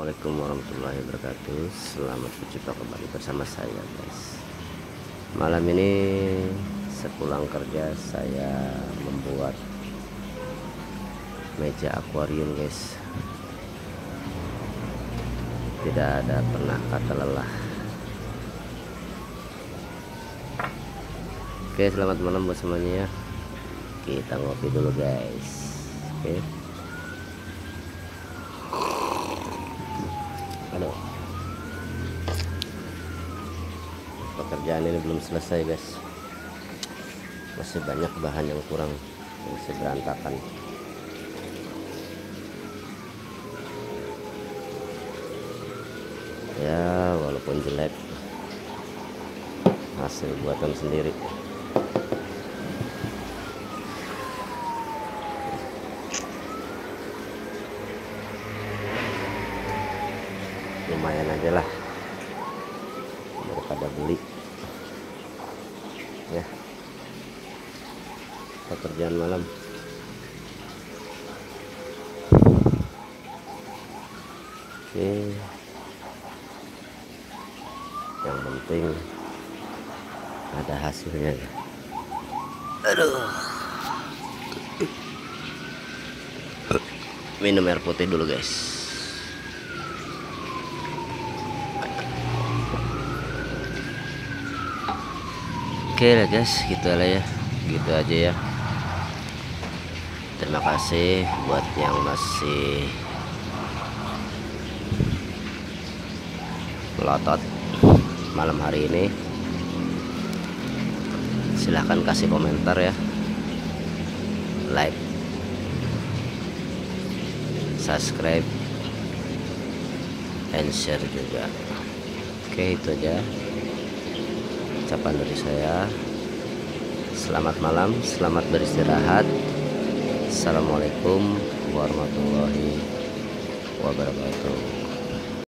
Assalamualaikum warahmatullahi wabarakatuh Selamat berjumpa kembali bersama saya guys Malam ini sepulang kerja saya membuat meja akuarium guys Tidak ada pernah kata lelah Oke selamat malam buat semuanya Kita ngopi dulu guys Oke ano pekerjaan ini belum selesai guys masih banyak bahan yang kurang masih berantakan ya walaupun jelek hasil buatan sendiri lumayan aja lah daripada beli ya pekerjaan malam oke yang penting ada hasilnya aduh minum air putih dulu guys oke okay lah guys gitu lah ya gitu aja ya terima kasih buat yang masih melotot malam hari ini silahkan kasih komentar ya like subscribe and share juga oke okay, itu aja ucapan dari saya selamat malam selamat beristirahat assalamualaikum warahmatullahi wabarakatuh